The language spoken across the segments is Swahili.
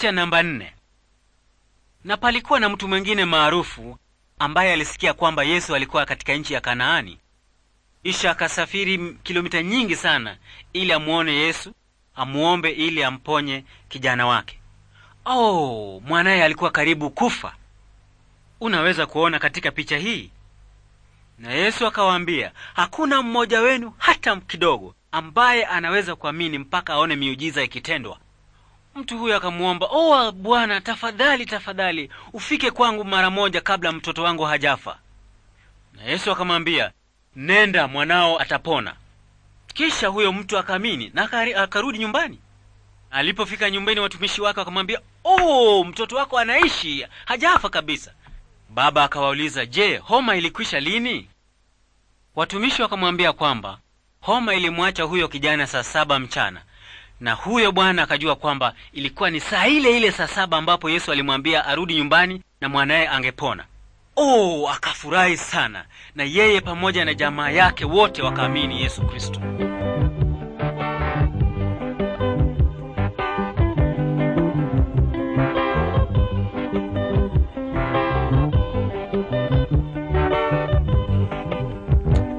Picha namba nne. Na palikuwa na mtu mwingine maarufu ambaye alisikia kwamba Yesu alikuwa katika nchi ya Kanaani, isha akasafiri kilomita nyingi sana ili amuone Yesu, amuombe ili amponye kijana wake. Oh, mwanaye alikuwa karibu kufa. Unaweza kuona katika picha hii. Na Yesu akawaambia, hakuna mmoja wenu hata kidogo ambaye anaweza kuamini mpaka aone miujiza ikitendwa. Mtu huyo akamwomba, oa bwana, tafadhali tafadhali, ufike kwangu mara moja kabla mtoto wangu hajafa. Na Yesu akamwambia, nenda, mwanao atapona. Kisha huyo mtu akaamini na akarudi nyumbani. Alipofika nyumbani, watumishi wake wakamwambia, oh, mtoto wako anaishi, hajafa kabisa. Baba akawauliza, je, homa ilikwisha lini? Watumishi wakamwambia kwamba homa ilimwacha huyo kijana saa saba mchana, na huyo bwana akajua kwamba ilikuwa ni saa ile ile saa saba ambapo Yesu alimwambia arudi nyumbani na mwanaye angepona. Oh, akafurahi sana, na yeye pamoja na jamaa yake wote wakaamini Yesu Kristo.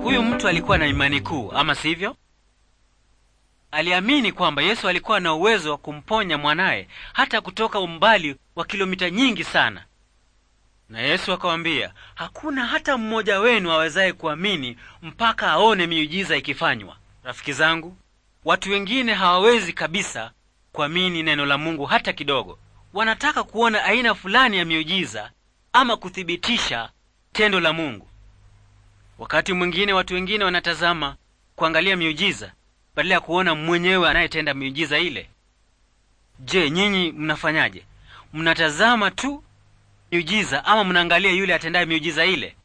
Huyu mtu alikuwa na imani kuu, ama sivyo? aliamini kwamba Yesu alikuwa na uwezo wa kumponya mwanaye hata kutoka umbali wa kilomita nyingi sana. Na Yesu akawaambia, hakuna hata mmoja wenu awezaye kuamini mpaka aone miujiza ikifanywa. Rafiki zangu, watu wengine hawawezi kabisa kuamini neno la Mungu hata kidogo. Wanataka kuona aina fulani ya miujiza ama kuthibitisha tendo la Mungu. Wakati mwingine watu wengine wanatazama kuangalia miujiza badala ya kuona mwenyewe anayetenda miujiza ile. Je, nyinyi mnafanyaje? Mnatazama tu miujiza ama mnaangalia yule atendaye miujiza ile?